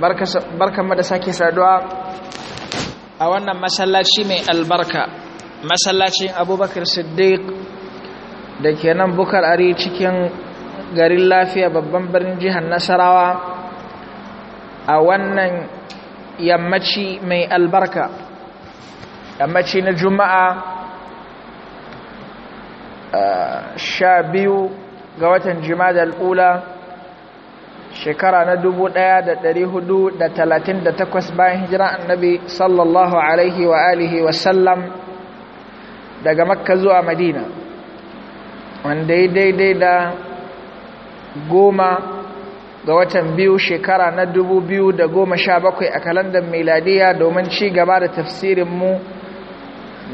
barkanmu da sake saduwa a wannan masallaci mai albarka masallacin abubakar siddiq da ke nan bukar ari cikin garin lafiya babban birnin jihar nasarawa a wannan yammaci mai albarka yammaci na juma'a ah, sha biyu ga watan juma'a da al'ula shekara na 1438 bayan hijira annabi sallallahu alaihi wa alihi sallam daga makka zuwa madina wanda ya daidai da goma ga watan biyu shekara na da goma sha bakwai a kalandar miladiya domin ci gaba da tafsirinmu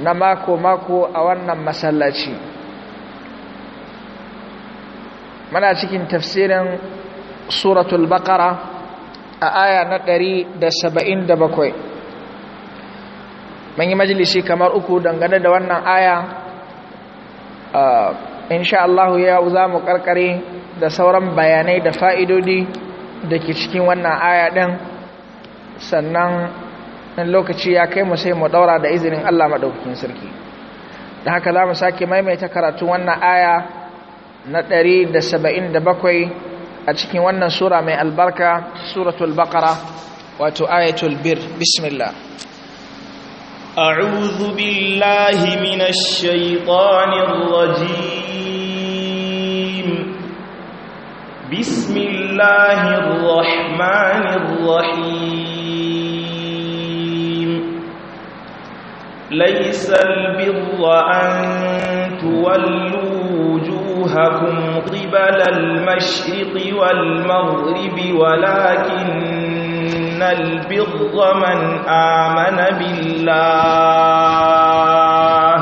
na mako-mako a wannan masallaci muna cikin tafsirin suratul baqara a aya na 177 mun yi majalisi kamar uku dangane da wannan aya insha Allah ya za mu karkare da sauran bayanai da fa'idodi da ke cikin wannan aya ɗin sannan lokaci ya kai mu sai mu ɗaura da izinin Allah maɗaukakin sarki da haka za mu sake maimaita karatu wannan aya na 177 a cikin wannan sura mai albarka suratul baqara wato ayatul bir bismillah a'udhu billahi minash shaitanir rajim bismillahir rahmanir rahim laysal birra an tuwallu وجوهكم قبل المشرق والمغرب ولكن البر من آمن بالله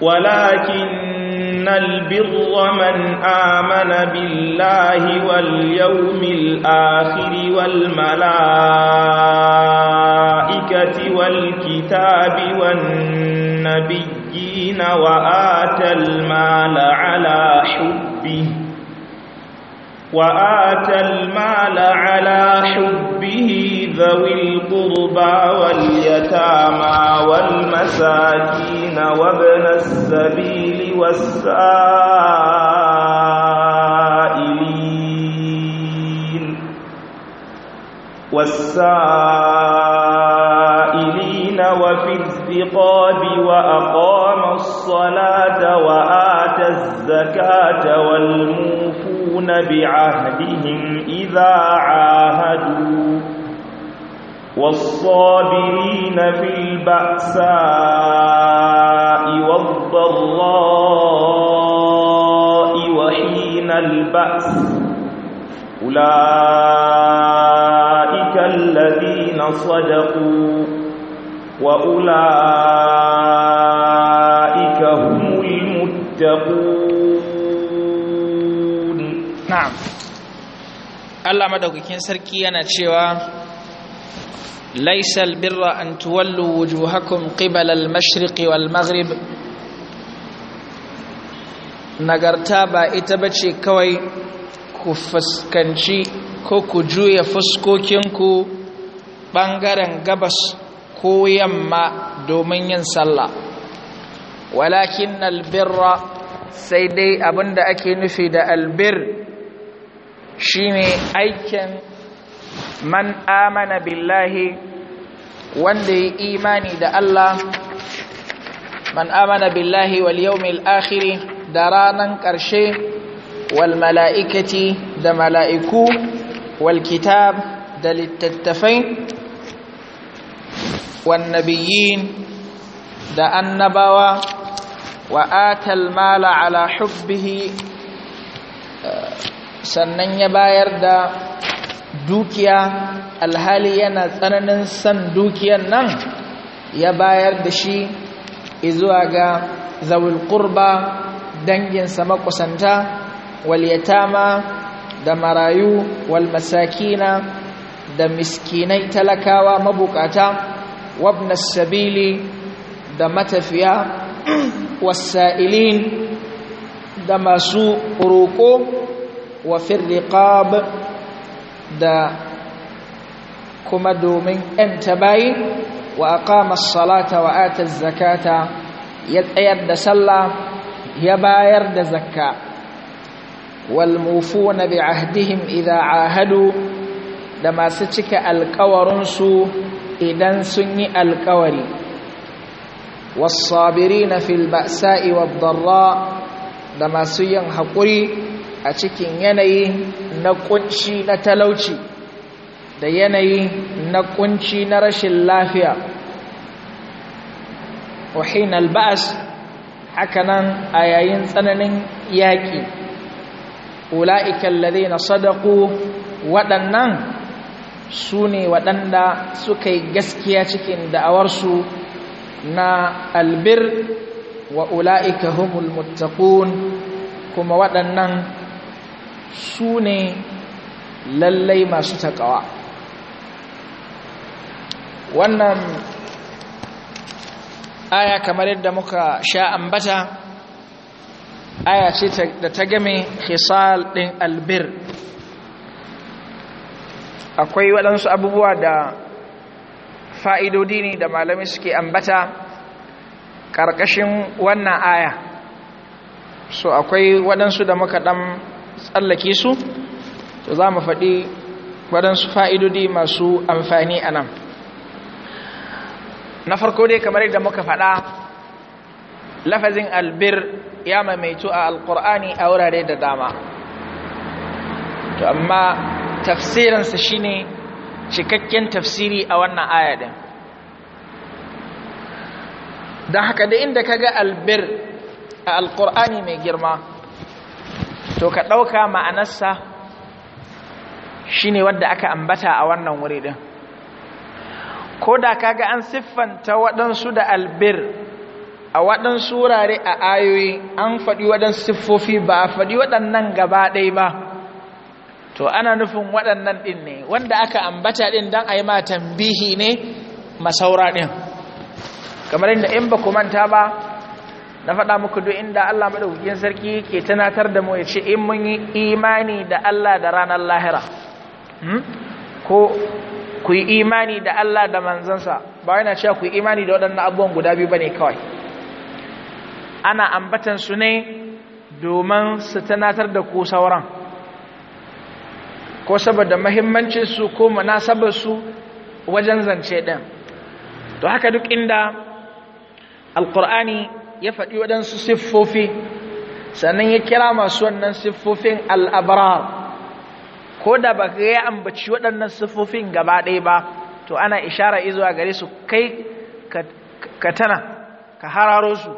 ولكن البر من آمن بالله واليوم الآخر والملائكة والكتاب والنبي المسكين وآتى المال على حبه وآتى المال على حبه ذوي القربى واليتامى والمساكين وابن السبيل والسائلين والسائلين وفي الرقاب وأقام الصلاة وآتى الزكاة والموفون بعهدهم إذا عاهدوا والصابرين في البأساء والضراء وحين البأس أولئك الذين صدقوا وأولئك هم المتقون نعم الله مدوكين سركي أنا تشيوا ليس البر أن تولوا وجوهكم قبل المشرق والمغرب nagarta ba ita ba ce kawai ku fuskanci ko ku juya fuskokinku ɓangaren gabas ko yamma domin yin sallah walakin albirra sai dai abinda ake nufi da albir shine aikin man amana billahi wanda ya imani da Allah man amana billahi wal yawmil akhir da ranan karshe wal mala'ikati da mala'iku wal kitab da littattafai والنبيين دا النبوة وآتى المال على حبه sannan ya bayar da dukiya alhali yana tsananin san dukiyan nan ya bayar da shi izuwa ga zawul danginsa maƙusanta walyatama da marayu walmasakina da miskinai talakawa mabuƙata. Wabna sabili da matafiya wasa'ilin da masu roƙo wa firriqab da kuma domin ‘yanta tabayi wa aqama salata wa ata zakata ya tsayar da sallah ya bayar da zakka walmufuna na bi ahdihim idha ahadu da masu cika alkawarinsu idan sun yi alkawari wasabiri na filbasa'i wadda da masu yin haƙuri a cikin yanayi na kunci na talauci da yanayi na kunci na rashin lafiya wahin alba'as hakanan a yayin tsananin yaƙi ula'ikan lalai na sadaku waɗannan su ne waɗanda suka yi gaskiya cikin da'awarsu na albir wa ula'ika humul mutakun kuma waɗannan su ne lallai masu taƙawa wannan aya kamar yadda muka sha ambata aya ce da ta game hisal ɗin albir akwai waɗansu abubuwa da fa'idodi ne da malami suke ambata ƙarƙashin wannan aya so akwai waɗansu da muka ɗan tsallake su to za mu faɗi waɗansu fa'idodi masu amfani a nan na farko dai kamar yadda muka faɗa lafazin albir ya maimaito a alƙur'ani a wurare da dama to amma tafsirinsa shine cikakken tafsiri a wannan aya din don haka da inda kaga albir a alkur'ani mai girma to ka ɗauka ma'anarsa shine wadda aka ambata a wannan wuri din ko da kaga an siffanta waɗansu da albir a waɗansu wurare a ayoyi an faɗi waɗansu siffofi ba a faɗi waɗannan gaba ɗaya ba to ana nufin waɗannan ɗin ne wanda aka ambata ɗin don a yi ma tambihi ne masaura ɗin kamar inda in ba ku manta ba na faɗa muku duk inda Allah maɗaukakin sarki ke tunatar da mu ya ce in mun yi imani da Allah da ranar lahira hmm? ko ku yi imani da Allah da manzansa ba yana cewa ku yi imani da waɗannan abubuwan guda biyu ba ne kawai ana ambatan su ne domin su tunatar da ku sauran ko saboda mahimmancinsu ko munasabarsu wajen zance ɗin to haka duk inda alkur'ani ya faɗi waɗansu siffofi sannan ya kira masu wannan siffofin al'abrar ko da ba ga ya ambaci waɗannan siffofin gaba ɗaya ba to ana ishara izuwa gare su kai ka tana ka hararo su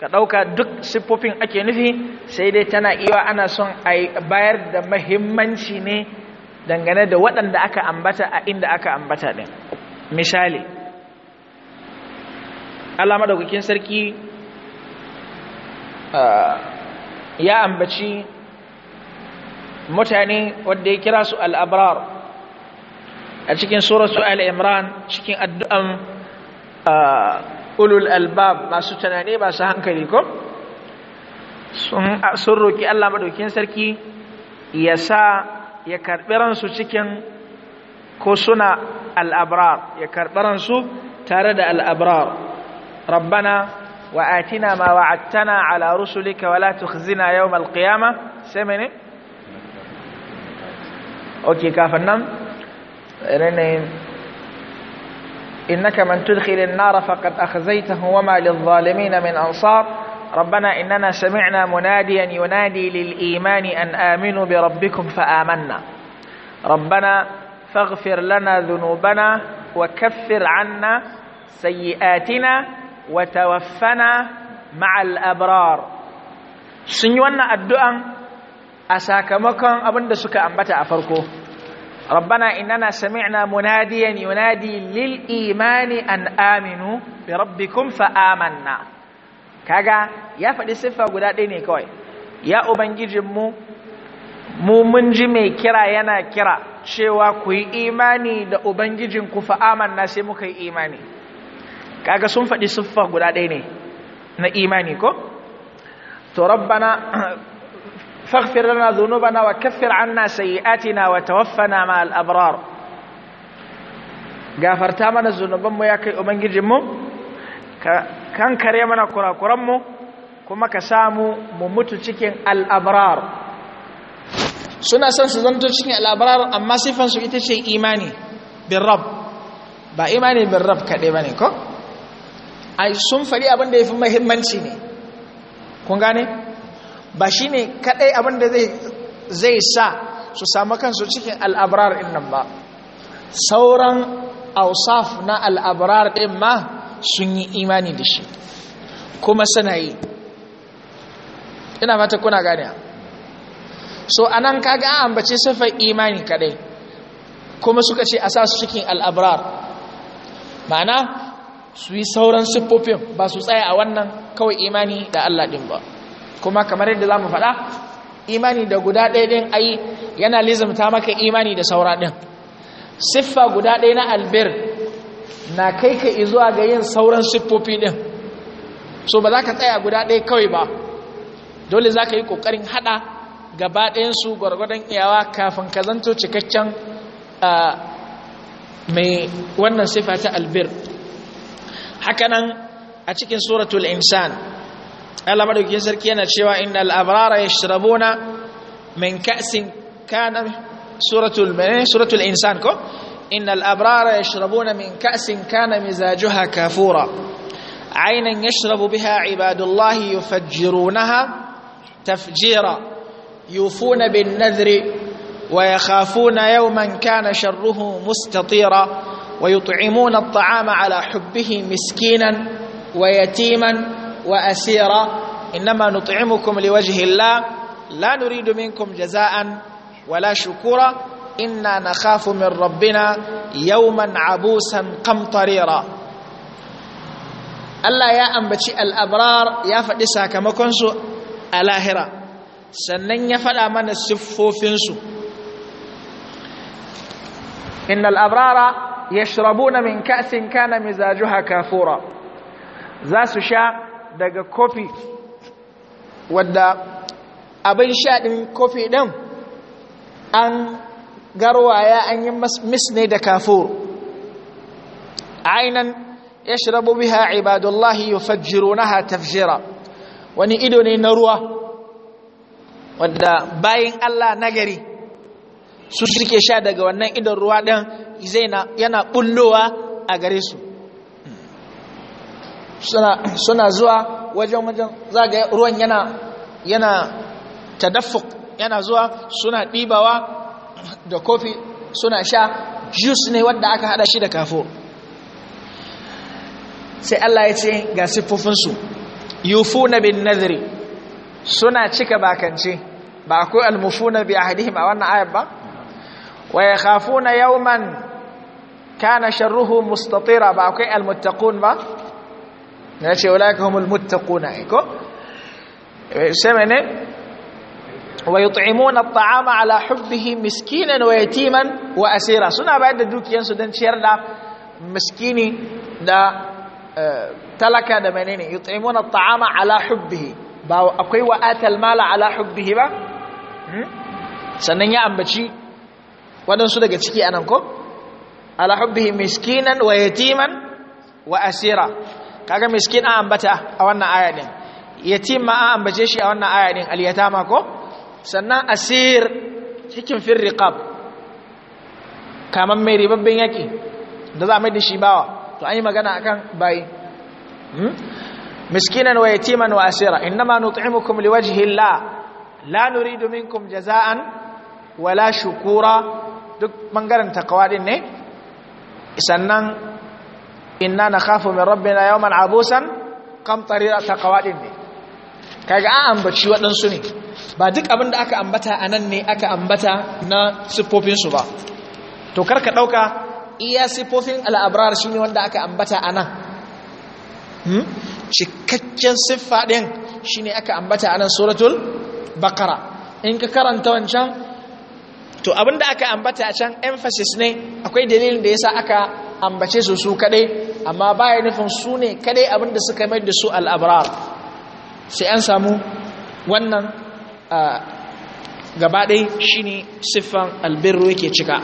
ka ɗauka duk siffofin ake nufi sai dai tana iya ana son a bayar da mahimmanci ne dangane da waɗanda aka ambata a inda aka ambata ɗin misali Allah madaukakin sarki ya ambaci mutane wadda ya kira su al'abrar a cikin suratul al'imran cikin addu'an ulul albab masu tunani masu hankali ko sun roƙi Allah maɗaukin sarki ya sa ya karɓi ransu cikin ko suna al'abrar ya karɓi ransu tare da al'abrar rabbana wa atina ma wa'attana ala rusulika wala tukhzina yawmal qiyama sai mene okay kafin nan إنك من تدخل النار فقد أخزيته وما للظالمين من أنصار ربنا إننا سمعنا مناديا ينادي للإيمان أن آمنوا بربكم فآمنا ربنا فاغفر لنا ذنوبنا وكفر عنا سيئاتنا وتوفنا مع الأبرار سنونا الدعاء أساكمكم أبن دسك أنبت أفركو ربنا إننا سمعنا مناديا ينادي للإيمان أن آمنوا بربكم فآمنا كاغا يا فدي صفة غدا ديني كوي يا أبنجيجمو mu mun ji mai kira yana kira cewa ku yi imani da Ubangijin Ubangijinku fa'amanna sai muka yi imani, kaga sun faɗi siffa guda ɗaya ne na imani ko? To, rabbana فاغفر لنا ذنوبنا وكفر عنا سيئاتنا وتوفنا مع الأبرار غفرتا من الذنوبم يا كي أبنجيجم كان كريمنا كرا كما كسامو مموتو cikin الأبرار suna son su zanto cikin al'abrar amma sifansu ita ce imani bin ba imani bin kaɗai ba ne ko? ai sun faɗi abin da ya fi mahimmanci ne kun gane? ba shi ne kaɗai abinda zai sa su samu kansu cikin al'abrar nan ba sauran ausaf na al'abrar ɗin ma sun yi imani da shi kuma suna yi ina mata kuna gane so anan kaga an ambace sufai imani kaɗai kuma suka ce a sa su cikin al'abrar ma'ana su yi sauran siffofin ba su tsaya a wannan kawai imani da Allah ɗin ba kuma kamar yadda za mu faɗa imani da guda ɗaya ɗin ai yana lizimta maka imani da saura ɗin siffa guda ɗaya na albir na kai ka izuwa ga yin sauran siffofi ɗin so ba za ka tsaya guda ɗaya kawai ba dole za ka yi ƙoƙarin haɗa gaba ɗayansu gwargwadon iyawa kafin ka zanto cikakken mai wannan siffa ta albir hakanan a cikin suratul insan Allah madaukakin sarki yana cewa innal abrara yashrabuna min ka'sin kana suratul suratul insan ko innal abrara yashrabuna min ka'sin kana mizajuha kafura aynan yashrabu biha ibadullahi yufajjirunaha tafjira yufuna bin nadhri wa yakhafuna yawman kana sharruhu mustatira wa yut'imuna at'ama ala hubbihi miskinan wa yatiman وأسيرا إنما نطعمكم لوجه الله لا نريد منكم جزاء ولا شكورا إنا نخاف من ربنا يوما عبوسا قمطريرا ألا يا أنبتي الأبرار يا فدسا كما كنسو ألاهرا sannan ya faɗa mana siffofinsu innal abrara yashrabuna min ka'sin kana mizajuha kafura za su sha daga kofi wadda abin shaɗin kofi ɗin an garwaya an yi ne da kafur ainihin ya shirabu biha ibadullahi ya fajiro na tafjira wani ido ne na ruwa wadda bayan Allah na gari. su suke sha daga wannan idon ruwa ɗin yana ɓullowa a gare su suna zuwa wajen wajen zaga ruwan yana yana tadaffuk yana zuwa suna ɗibawa da kofi suna sha jus ne wadda aka hada shi da kafo sai Allah ya ce ga siffofinsu yufuna bin nazari suna cika bakance ba almufu na bi ahadihim a wannan ayat ba wa man yawman kana sharruhu mustatira ba akwai almuttakun ba na ce wala ka humul muttaquna eh, ko eh, sai mene wa yut'imuna at'ama ala hubbihi miskinan wa yatiman wa asira suna bayar da dukiyansu don ciyar da miskini da eh, talaka da menene yut'imuna at'ama ala hubbihi ba akwai wa atal mala ala hubbihi ba hmm? sannan ya ambaci waɗansu daga ciki anan ko ala hubbihi miskinan wa yatiman wa asira kaga miskin an ambata a wannan aya din yatim an ambace shi a wannan aya din aliyatama ko sannan asir cikin firriqab kaman mai ribabben yaki da za a da shi bawa to an yi magana akan bayi hmm? miskinan wa yatiman wa asira innama nut'imukum liwajhi Allah la nuridu minkum jaza'an wala shukura duk bangaren takawa din ne sannan inna nakhafu min rabbina yawman abusan qamtarira taqawadin ne ga an ambaci waɗansu ne ba duk abin da aka ambata anan ne aka ambata na siffofinsu ba to karka ɗauka iya siffofin al'abrar shi ne wanda aka ambata anan. hmm cikakken siffa din shi ne aka ambata anan suratul baqara in ka karanta wancan to abin da aka ambata a can emphasis ne akwai dalilin da ya sa aka ambace su su kadai amma baya nufin su ne kadai abinda suka mai da su al'abrar sai an samu wannan gabaɗai shi ne siffan albirru yake cika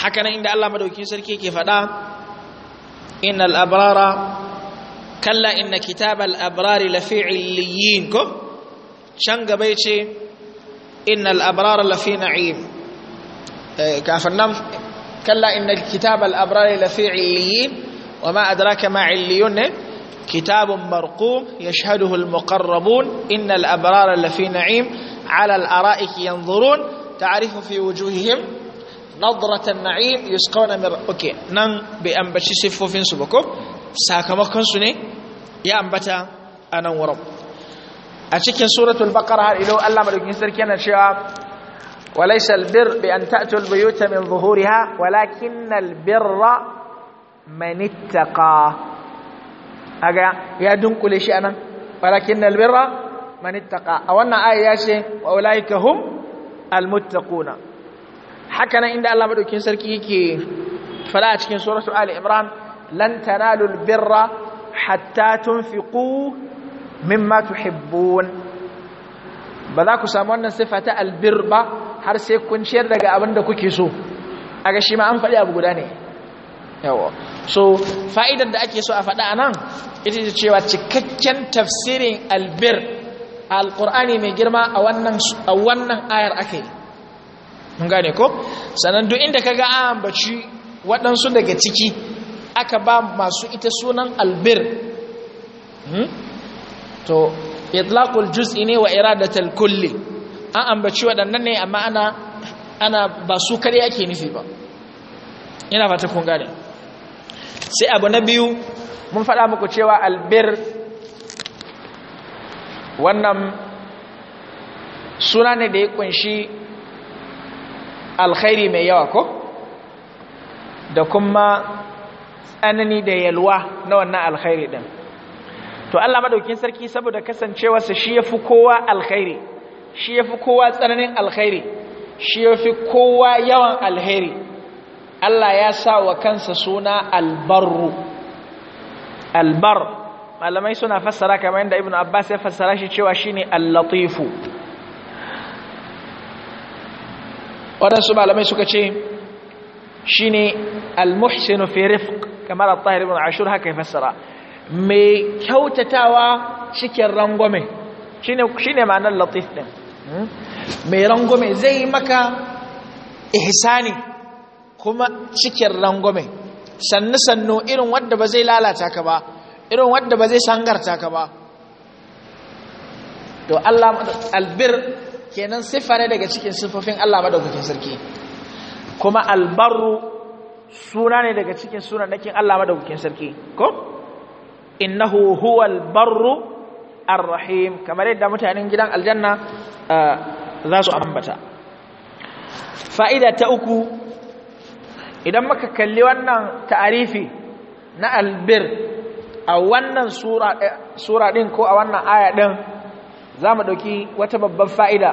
hakanan inda Allah madaukin sarki ke faɗa in al'abrara kalla inna kitab al'abrari lafi illiyin ko can gaba ce in al'abrara lafi na'im eh, kafin nan كلا إن الكتاب الأبرار لفي عليين وما أدراك ما عليون كتاب مرقوم يشهده المقربون إن الأبرار لفي نعيم على الأرائك ينظرون تعرف في وجوههم نظرة النعيم يسقون من أوكي نن بأنبتي سفوفين سبكم ساكمكم سني يا أنبتا أنا ورب أشكي سورة البقرة إلو ألا ملك نسر كان شعب وليس البر بأن تأتوا البيوت من ظهورها ولكن البر من اتقى أجا يا دنقل شيء أنا ولكن البر من اتقى أولنا آية شيء وأولئك هم المتقون حكنا إن الله بدو كين سركي كي فلا أشكين سورة آل عمران لن تنالوا البر حتى تنفقوا مما تحبون بذاك سامونا صفة البر با har sai kun ciyar daga abin da kuke so a ga shi ma an faɗi abu guda ne yawa so fa'idar da ake so a faɗa a nan ita ce cewa cikakken tafsirin albir alƙur'ani mai girma a wannan ayar aka yi mun gane ko sannan duk inda ka ga an ambaci waɗansu daga ciki aka ba masu ita sunan albir hmm? to itlaqul juz'i ne wa iradatul kulli an ambaci waɗannan ne amma ana ana ba su kare ake nufi ba ina fata kun gane sai abu na biyu mun faɗa muku cewa albir wannan suna ne da ya kunshi alkhairi mai yawa ko da kuma tsanani da yalwa na wannan alkhairi ɗin to Allah madaukin sarki saboda kasancewarsa shi ya fi kowa alkhairi shi yafi kowa tsananin alheri shi fi kowa yawan alheri Allah ya sa wa kansa suna albarru albar malamai suna fassara kamar yadda Ibn abbas ya fassara shi cewa shi ne latifu waɗansu malamai suka ce shi ne almuhsinu fi kamar al-tahir ibn ashur haka ya fassara mai kyautatawa cikin rangwame shi ne ma'anar latif ɗin Hmm? mai rangwame zai yi maka ihsani kuma cikin rangwame sannu sannu irin wadda ba zai lalata ka ba irin wadda ba zai sangarta ka ba to Allah albir kenan siffa ne daga cikin sifofin Allah madaukakin sarki kuma albarru suna ne daga cikin nakin Allah madaukakin sarki ko innahu huwal barru ar-rahim kamar yadda mutanen gidan aljanna uh, za su ambata fa'ida ta uku idan muka kalli wannan ta'arifi na albir a wannan sura ɗin eh, ko a wannan aya ɗin za mu ɗauki wata babban fa'ida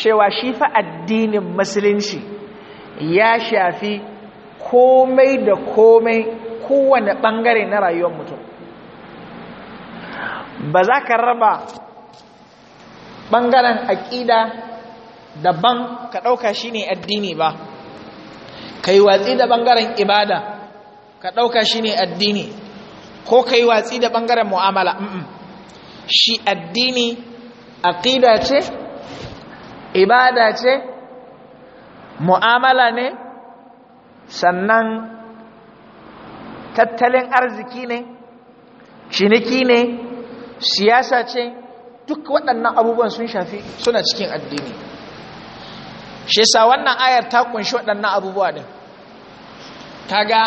cewa shi fa addinin musulunci ya shafi komai da komai kowane ɓangare na rayuwar mutum ba za ka raba ɓangaren aƙida daban ka ɗauka shi ne addini ba ka yi watsi da ɓangaren ibada ka ɗauka shi ne addini ko ka yi watsi da ɓangaren mu'amala shi addini aƙida ce ibada ce mu'amala ne sannan tattalin arziki ne ciniki ne siyasa ce duk waɗannan abubuwan sun shafi suna cikin addini shi yasa wannan ayar ta kunshi waɗannan abubuwa din kaga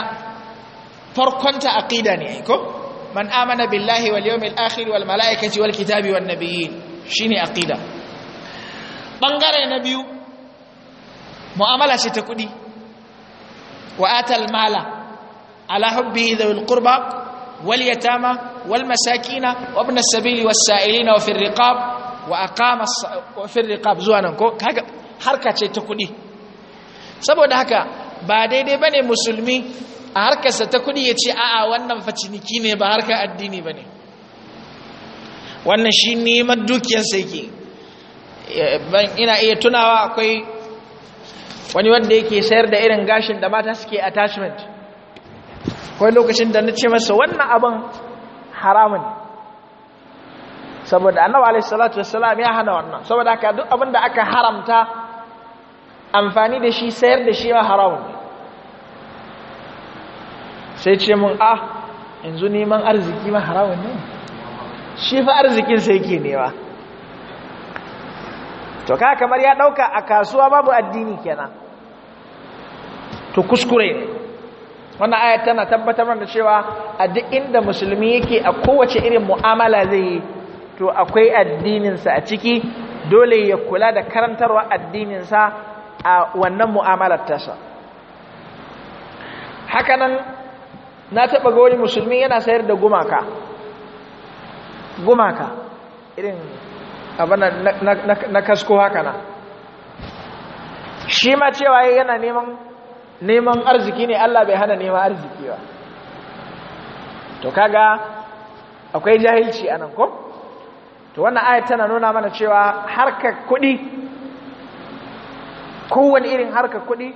farkonta aqida ne ko man amana billahi wal yawmil akhir wal malaikati wal kitabi wan nabiyyin shine aqida bangare na biyu mu'amala ce ta kuɗi, wa atal mala ala hubbi dhul qurba واليتامى والمساكين وابن السبيل والسائلين وفي الرقاب واقام الص... وفي الرقاب زوانا harka ta kuɗi saboda haka ba daidai bane musulmi a harkarsa ta kuɗi ya ce a'a wannan faciniki ne ba harkar addini bane wannan shi neman dukiyarsa yake ina iya tunawa akwai wani wanda yake sayar da irin gashin da mata suke attachment akwai lokacin da na ce masa wannan abin haramun saboda annabi alaihi salatu wassalam ya hana wannan saboda haka duk abin da aka haramta amfani da shi sayar da shi ma haramun sai ce mun ah yanzu neman arziki ma haramun ne shi fa arzikin sai ke newa to ka kamar ya dauka a kasuwa babu addini kenan to kuskure ne wannan ayat tana tabbatar da cewa a duk inda musulmi yake a kowace irin mu'amala zai yi to akwai addininsa a ciki dole ya kula da karantarwa addininsa a wannan mu'amalar tasa hakanan na taɓa ga wani musulmi yana sayar da gumaka gumaka irin abin na kasko haka na shi ma cewa yana neman neman arziki ne Allah bai hana neman arziki ba to kaga akwai jahilci anan ko to wannan ayat tana nuna mana cewa harkar kuɗi kowane irin harka kuɗi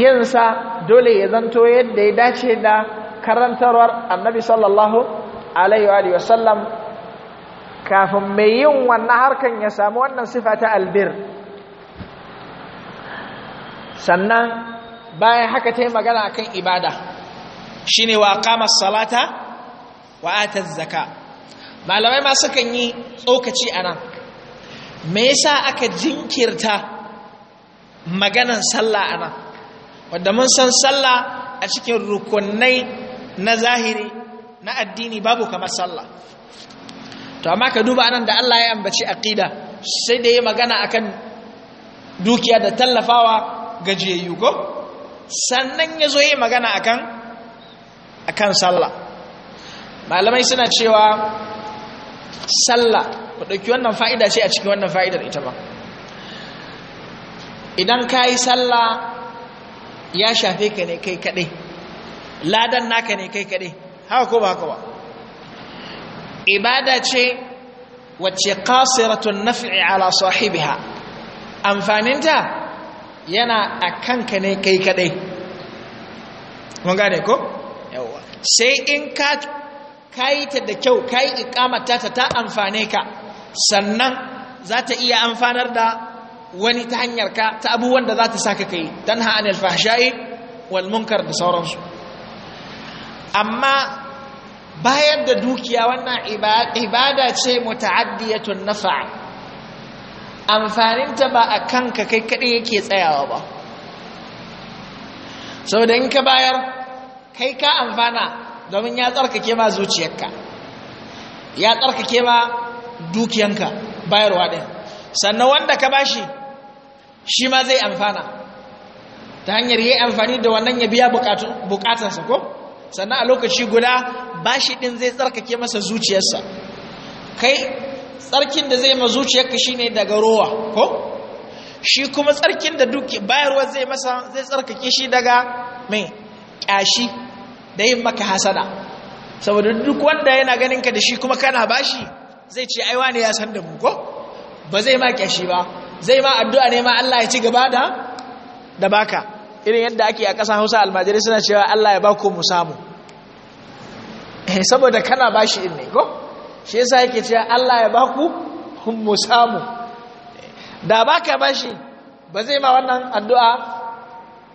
yinsa dole ya zanto yadda ya dace da karantarwar annabi sallallahu alaihi wa sallam kafin mai yin wannan harkan ya samu wannan sifa ta albir sannan bayan haka ta yi magana akan ibada shine wa masalata salata wa zaka malamai ma sukan yi tsokaci a nan. me yasa aka jinkirta maganan sallah nan? Wadda mun san sallah a cikin rukunai na zahiri na addini babu kamar sallah to amma ka duba nan da Allah ya ambaci aqida sai da ya magana akan dukiya da tallafawa gajiyayyu ko sannan ya zo yi magana akan akan sallah malamai suna cewa sallah ku ɗauki wannan fa'ida ce a cikin wannan fa'idar ita ba idan ka yi sallah ya shafe ka ne kai kaɗai ladan naka ne kai kaɗai haka ko ba haka ba ibada ce wacce kasiratun nafi'i ala sahibiha amfaninta yana a kanka ne kai kadai mun gane ko yawa sai in ka kai ta da kyau kai ikamata ta ta amfane ka sannan za ta iya amfanar da wani ta hanyar ka ta abubuwan da za ta saka kai tanha anil fahsha'i wal munkar da sauransu amma bayar da dukiya wannan ibada ce muta'addiyatun nafa'a amfaninta ba a kanka kai kaɗai yake tsayawa ba sau da in ka bayar kai ka amfana domin ya tsarkake ma zuciyarka ya tsarkake ma dukiyanka bayarwa ɗin sannan wanda ka bashi shi ma zai amfana ta hanyar yi amfani da wannan ya biya bukatarsa ko sannan a lokaci guda bashi ɗin zai tsarkake masa zuciyarsa kai tsarkin da zai ma shi ne daga rowa ko shi kuma tsarkin da duk bayarwa zai masa zai tsarkake shi daga mai kyashi da yin maka hasada saboda duk wanda yana ganin ka da shi kuma kana bashi zai ce aiwa ne ya san da mu ko ba zai ma kyashi ba zai ma addu'a ne ma Allah ya ci gaba da da baka irin yadda ake a ƙasar Hausa almajiri suna cewa Allah ya ba mu samu eh, saboda kana bashi in ne ko shi yasa yake cewa Allah ya baku mu samu da baka bashi ba zai ma wannan addu'a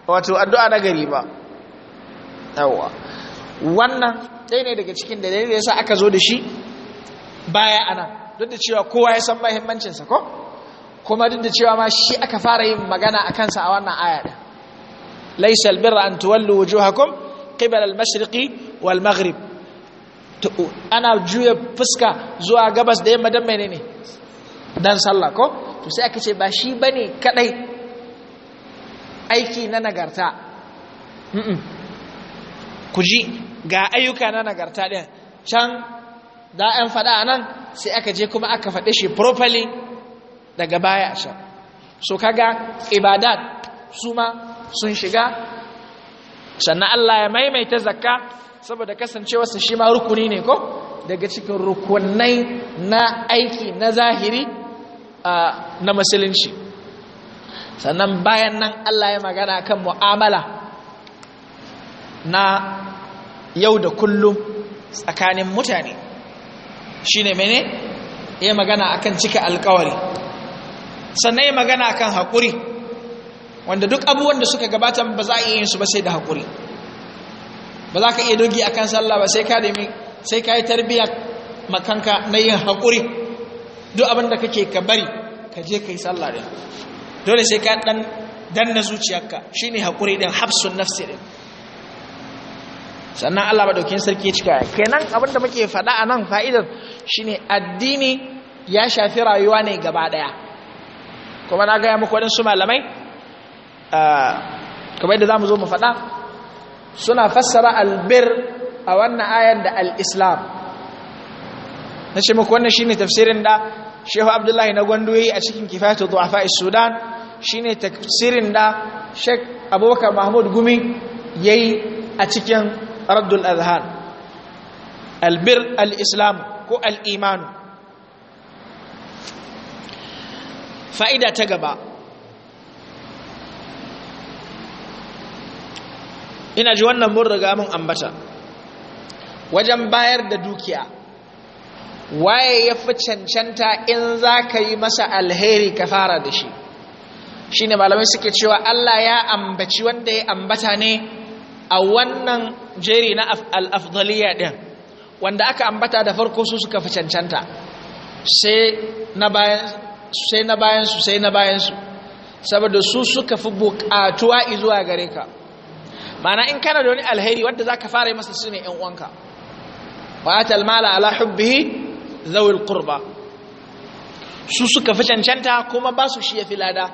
wato addu'a na gari ba yawa wannan ɗaya ne daga cikin dalilin da yasa aka zo da shi baya ana duk da cewa kowa ya san sa ko kuma duk da cewa ma shi aka fara yin magana a kansa a wannan aya ɗin laisa albirra an tuwallu wujuhakum qibala al-mashriqi wal maghrib ana juya fuska zuwa gabas da yamma dan menene dan sallah ko to sai aka ce ba shi bane kadai aiki na nagarta ku ji ga ayyuka na nagarta din can da an faɗa anan sai aka je kuma aka faɗe shi properly daga baya a can so kaga ibadat su sun shiga sannan Allah ya maimaita zakka saboda kasancewarsa shi ma rukuni ne ko daga cikin rukunai na aiki na zahiri na musulunci sannan bayan nan Allah ya magana kan mu'amala na yau da kullum tsakanin mutane shi ne mene ya magana akan cika alkawari sannan ya magana kan haƙuri wanda duk abubuwan da suka gabata ba za a iya yin su ba sai da haƙuri ba za ka iya dogi a kan sallah ba sai ka nemi sai ka yi tarbiyyar makanka na yin haƙuri duk abin da kake ka bari ka je ka yi sallah ɗin dole sai ka ɗan danna zuciyarka shi ne haƙuri ɗin hafsun nafsi sannan allah ba dokin sarki ya cika kenan abin da muke faɗa a nan fa'idar shi ne addini ya shafi rayuwa ne gaba ɗaya kuma na gaya muku waɗansu malamai ah, kamar yadda za mu zo mu faɗa suna fassara albir a wannan ayar da al-islam na ce muku wannan shine tafsirin da shehu abdullahi na gwandoyi a cikin kifayatu du'afa sudan shine tafsirin da shek abubakar mahmud gumi yayi a cikin raddul azhan albir al-islam ko al-iman fa'ida ta gaba ina ji wannan mun riga mun ambata wajen bayar da dukiya waye ya fi cancanta in za ka yi masa alheri ka fara da shi shi ne malamai suke cewa Allah ya ambaci wanda ya ambata ne a wannan jeri na al'afdaliya ɗin wanda aka ambata da farko su suka fi cancanta sai na bayansu sai na bayansu saboda su suka fi buƙatuwa izuwa gare ka mana in kana da wani alheri wanda zaka fara yi masa shine yan uwanka wa atal mala ala hubbihi zawil qurba su suka fi cancanta kuma ba su shi yafi lada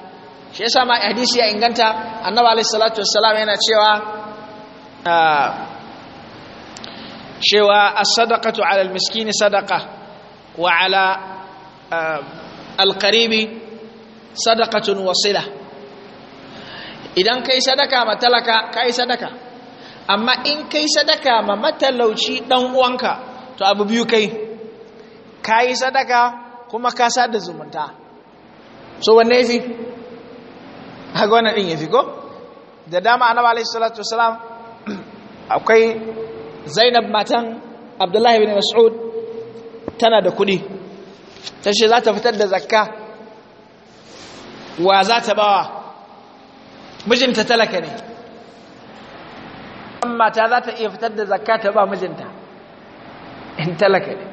shi yasa ma hadisi ya inganta annabi alaihi salatu wassalam yana cewa ah, cewa as-sadaqatu ala al-miskini sadaqa wa ala ah, al-qaribi sadaqatun wasila idan kai sadaka ma talaka kai sadaka amma in kai sadaka ma matalauci dan uwanka to abu biyu kai kai sadaka kuma ka sada zumunta so wanne yafi haka wannan din yafi ko da dama annabi alaihi salatu wasalam akwai Zainab matan Abdullahi bin Mas'ud tana da kudi tace za ta fitar da zakka wa za ta bawa mijinta talaka ne mata za ta iya fitar da zakka ta ba mijinta in talaka ne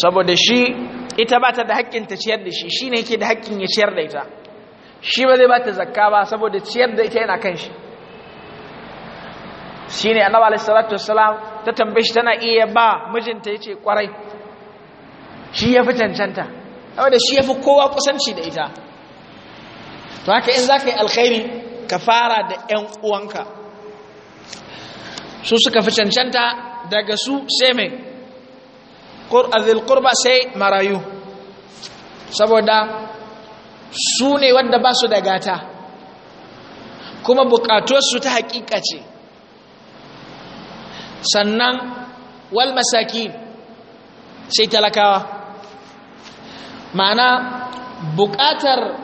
saboda shi ita ba ta da haƙƙin ta ciyar da shi shi ne yake da haƙƙin ya ciyar da ita shi ba zai ba ta zakka ba saboda ciyar da ita yana kan shi shi ne annaba alaihissalatu salam ta tambaye shi tana iya ba mijinta ya ce kwarai shi ya fi cancanta saboda shi ya fi kowa kusanci da ita to haka in za ka yi alkhairi ka fara da 'yan uwanka su suka fi cancanta daga su sai mai azilkurba sai marayu saboda su ne wadda ba su da gata kuma bukatuwarsu ta haƙiƙace ce sannan wal masaki sai talakawa ma'ana buƙatar.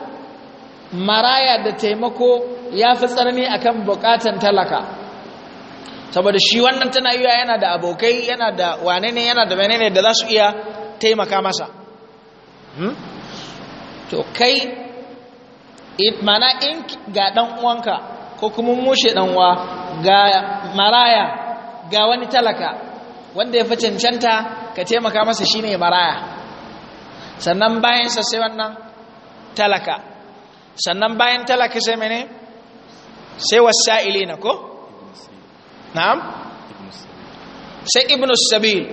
maraya da taimako ya fi tsanani kan bukatan talaka saboda shi wannan tana yiwuwa yana da abokai yana da wane ne yana da wane ne da za su iya taimaka masa hmm? to kai mana in ga dan uwanka ko kuma mushe dan uwa ga maraya ga wani talaka wanda ya fi cancanta ka taimaka masa shine maraya sannan bayansa sai wannan talaka sannan bayan talaka sai mene sai wasa'ili na ko na'am sai ibn sabil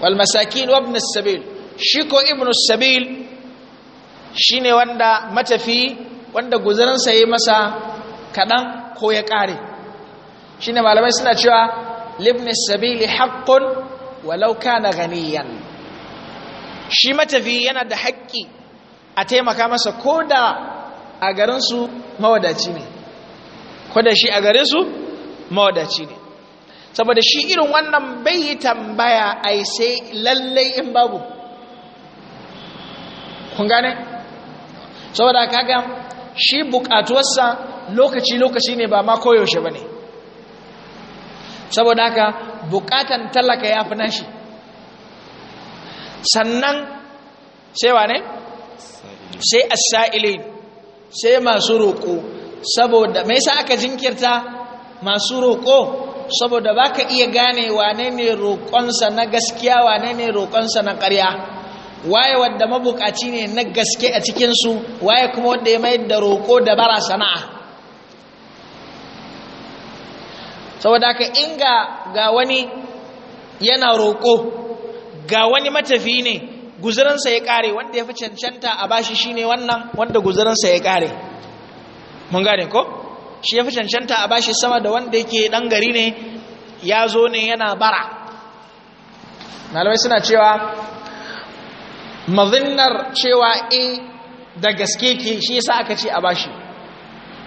wal masakin wa ibn sabil shi ko ibn sabil shine wanda matafi wanda guzarin sa yi masa kadan ko ya kare shine malamai suna cewa libn sabili haqqun walau kana ganiyan shi matafi yana da haƙƙi a taimaka masa ko da a garinsu mawadaci ne ko da shi a garinsu mawadaci ne saboda shi irin wannan bai yi tambaya yi sai lallai in babu kun gane saboda kaga shi bukatuwarsa lokaci-lokaci ne ba ma koyaushe ba ne saboda haka bukatan talaka ya fi nashi sannan sai wa ne? sai a sai masu roƙo saboda me yasa aka jinkirta masu roƙo saboda baka iya gane wane ne roƙonsa na gaskiya wane ne roƙonsa na ƙarya waye wadda mabukaci ne na gaske a cikinsu waye kuma wadda ya mayar da roƙo da bara sana'a saboda ka inga ga wani yana roƙo ga wani matafi ne guzurinsa ya kare wanda ya fi cancanta a bashi shine wannan wanda guzurinsa ya kare mun gane ko shi ya fi cancanta a bashi sama da wanda yake ɗan gari ne ya zo ne yana bara malamai suna cewa mazinnar cewa e da gaske ke shi yasa aka ce a bashi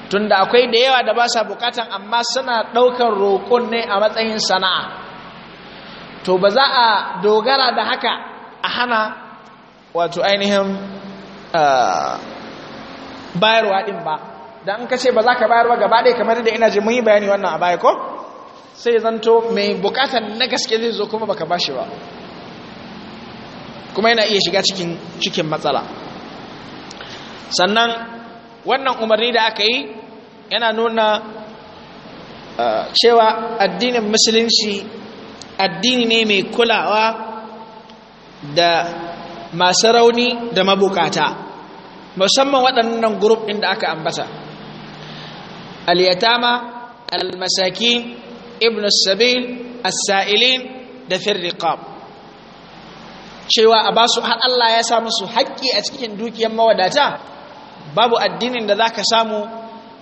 tunda akwai da yawa da ba sa bukatan amma suna ɗaukar roƙon ne a matsayin sana'a to ba za a dogara da haka a hana wato ainihin ah, bayarwa ɗin ba da an kace ba za ka bayarwa ba gaba ɗaya kamar da ina ji mun bayani wannan a baya ko sai zanto mai buƙatar na gaske zai zo kuma baka bashi ba kuma yana iya shiga cikin cikin matsala sannan wannan umarni da aka yi yana nuna ah, cewa addinin musulunci addini ne mai kulawa da masu rauni da mabukata musamman waɗannan gurup ɗin da aka ambata Aliyatama, yatama al ibn sabil as-sa'ilin da firriqab cewa a basu har Allah ya samu su haƙƙi a cikin dukiyar mawadata babu addinin da za ka samu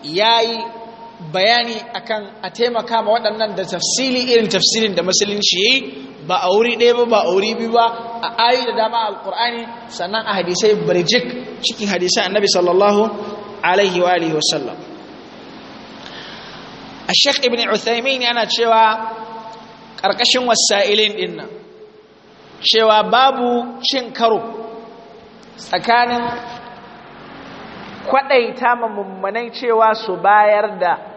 ya yi. bayani akan a taimaka ma waɗannan da tafsili irin tafsirin da musulunci yayi ba a wuri ɗaya ba ba a wuri biyu ba a ayi da dama Alƙur'ani sannan a hadisai birjik cikin hadisai annabi sallallahu alaihi wa alihi wasallam ashek ibn uthaymin yana cewa ƙarƙashin wasa'ilin ɗin cewa babu cin karo tsakanin kwaɗaita ma mummunai cewa su bayar da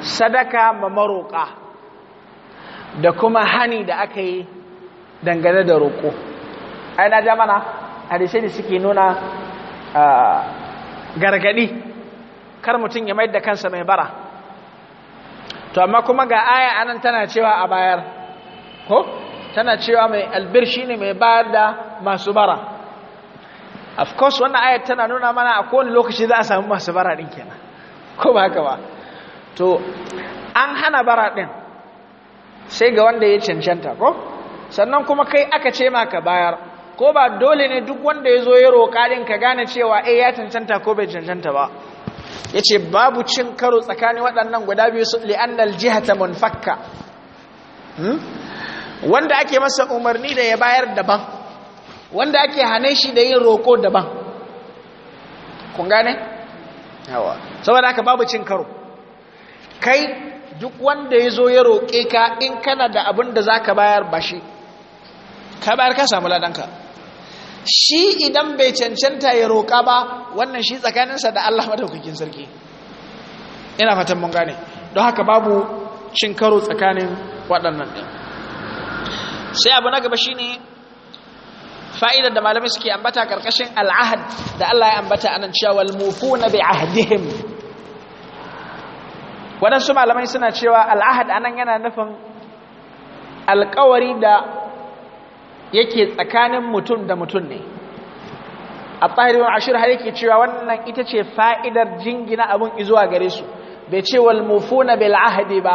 sadaka ma maroƙa da kuma hani da aka yi dangane da roƙo aina na jamana hadisai da suke nuna gargaɗi kar mutum ya mai da kansa mai bara to amma kuma ga aya anan tana cewa a bayar ko tana cewa mai albir shine mai bayar da masu bara of course wannan ayat tana nuna mana a kowane lokaci za a samu masu bara ɗin kenan ko ba haka ba to an hana bara ɗin sai ga wanda ya cancanta ko sannan kuma kai aka ce ma ka bayar ko ba dole ne duk wanda ya zo ya roƙa ɗin ka gane cewa eh ya cancanta ko bai cancanta ba ya ce babu cin karo tsakanin waɗannan guda biyu su li'annal jihata munfakka hmm? wanda ake masa umarni da ya bayar daban wanda ake hane shi da yin roƙo daban kun gane? saboda haka babu cin karo kai duk wanda ya zo ya roƙe ka in kana da abin da za ka bayar ba shi ka bayar ka samu ladanka shi idan bai cancanta ya roƙa ba wannan shi tsakaninsa da Allah madaukakin sarki ina fatan mun gane don haka babu cin karo tsakanin waɗannan ɗin sai abu na gaba shine fa'idar da malamai suke ambata ƙarƙashin al'ahad da Allah ya ambata anan cewa wal mufuna bi ahdihim waɗansu malamai suna cewa al'ahad anan yana nufin alkawari da yake tsakanin mutum da mutum ne a tsahirin ashir har yake cewa wannan ita ce fa'idar jingina abin izuwa gare su bai ce mufuna bil ahadi ba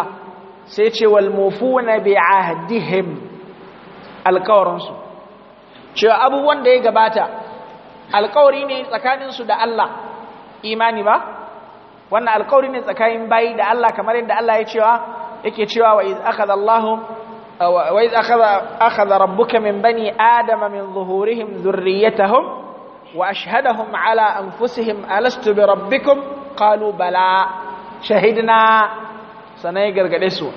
sai ce mufuna bi ahdihim alkawarinsu cewa abubuwan da ya gabata alkawari ne tsakaninsu da Allah imani ba wannan alkawari ne tsakanin bayi da Allah kamar yadda Allah ya cewa yake cewa wa iz akhadha Allahu wa iz akhadha akhadha rabbuka min bani adama min zuhurihim dhurriyyatahum wa ashhadahum ala anfusihim alastu bi rabbikum qalu bala shahidna sanai gargade su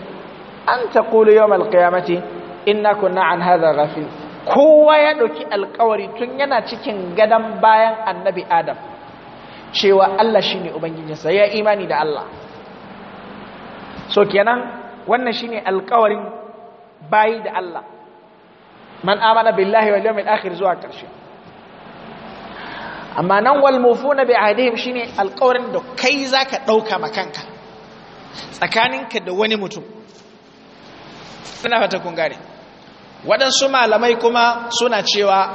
an taqulu yawm alqiyamati inna kunna an hadha ghafil kowa ya dauki alkawari tun yana cikin gadan bayan annabi adam cewa Allah shine ubangijinsa ya imani da Allah so kenan wannan shine alƙawarin bayi da Allah man amana billahi wal yawmil akhir zuwa ƙarshe amma nan wal mufuna bi ahdihim shine alƙawarin da kai zaka dauka makanka tsakaninka da wani mutum ina fata kun waɗansu malamai kuma suna cewa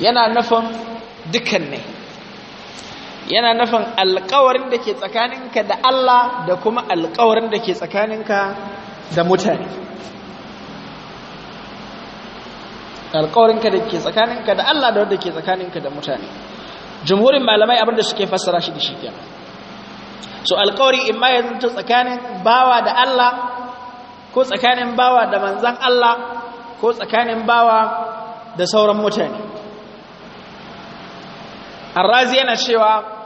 yana nufin dukkan ne yana nufin alkawarin da ke tsakaninka da Allah da kuma alkawarin da ke tsakaninka da mutane alkawarinka da ke tsakaninka da Allah da wanda ke tsakaninka da mutane jumhurin malamai abinda suke fassara shi da shi kenan so alkawari in ma ya zanto tsakanin bawa da Allah ko tsakanin bawa da manzan Allah ko tsakanin bawa da sauran mutane arrazi yana cewa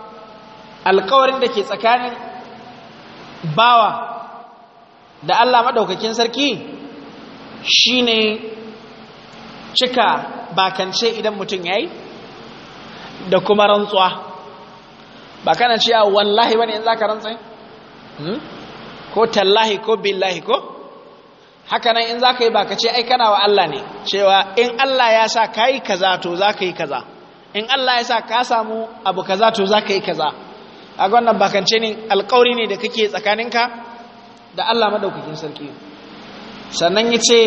alkawarin da ke tsakanin bawa da Allah maɗaukakin sarki shine cika bakance idan mutum ya yi da kuma rantsuwa ba kana cewa wallahi bane in za ka rantsa hmm? ko tallahi ko billahi ko haka nan in za ka yi ba ka ce ai kana wa Allah ne cewa in Allah ya sa ka yi kaza to za ka yi kaza in Allah ya sa ka samu abu kaza to za ka yi kaza a ga wannan bakance ne alkawari ne da kake tsakaninka da Allah madaukakin sarki sannan ya ce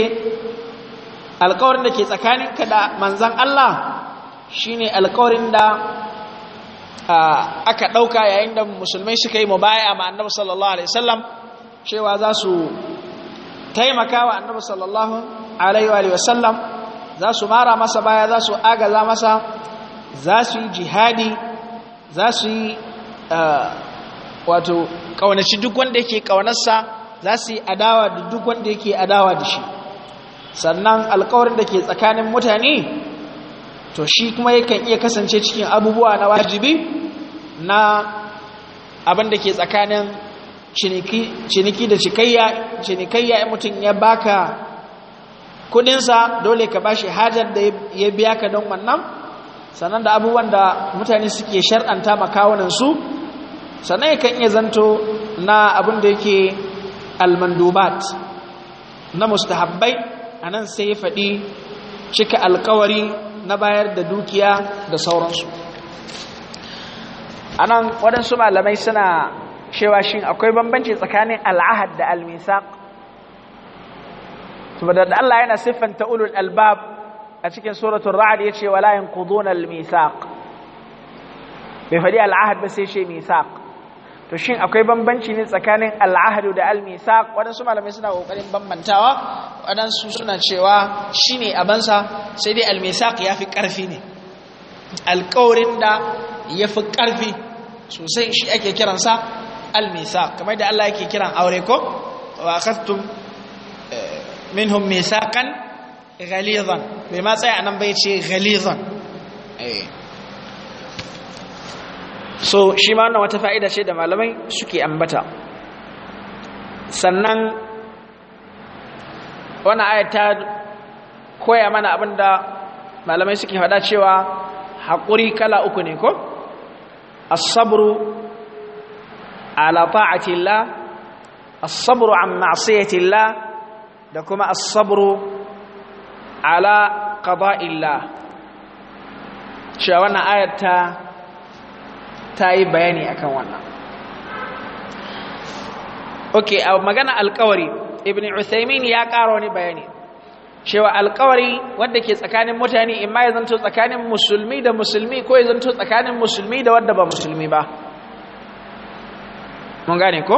alkawarin da ke tsakaninka da manzan Allah shi ne alkawarin da aka ɗauka yayin da musulmai suka yi baya ma annabi sallallahu alaihi wasallam cewa za su taimaka wa annabu sallallahu alaihi wasallam za su mara masa baya za su agaza masa za su yi jihadi za su yi Eh, wato ƙaunaci duk wanda yake ƙaunarsa za su yi adawa da duk wanda yake adawa da shi sannan alkawarin da ke tsakanin mutane to shi kuma yakan iya kasance cikin abubuwa na wajibi na abin da ke tsakanin ciniki da cikayya cinikayya in mutum ya baka kudinsa dole ka bashi hajar da ya biya ka don wannan sannan da abubuwan da mutane suke shar'anta makawuninsu sannan yakan iya zanto na abin da yake almandubat na mustahabbai a nan sai ya faɗi cika alkawari na bayar da dukiya da sauransu a nan waɗansu malamai suna cewa shin akwai bambanci tsakanin al'ahad da al-misaq saboda Allah yana siffanta ulul albab a cikin suratul ra'd yace wala layin al-misaq bai faɗi al'ahad ba sai shi misaq to shin akwai bambanci ne tsakanin al'ahadu da al-misaq malamai suna kokarin bambantawa waɗansu suna cewa shine abansa sai dai al-misaq yafi ƙarfi ne alƙaurin da yafi karfi sosai shi ake kiransa al-misaq kamar da Allah yake kiran aure ko wa akhadtum eh, minhum misaqan ghalizan bai ma tsaya anan bai ce ghalizan eh. so shi ma wannan wata fa'ida ce da malamai suke ambata sannan wani aya ta koya mana abinda malamai suke faɗa cewa haƙuri kala uku ne ko Asabru, sabru ala ta'atillah as-sabru an ma'siyatillah da kuma asabru. ala illa cewa wannan ayar ta ta yi bayani akan wannan okay a magana alkawari ibn usaimin ya ƙara wani bayani cewa alkawari wanda ke tsakanin mutane imma ya zanto tsakanin musulmi da musulmi ko ya zanto tsakanin musulmi da wanda ba musulmi ba mun gane ko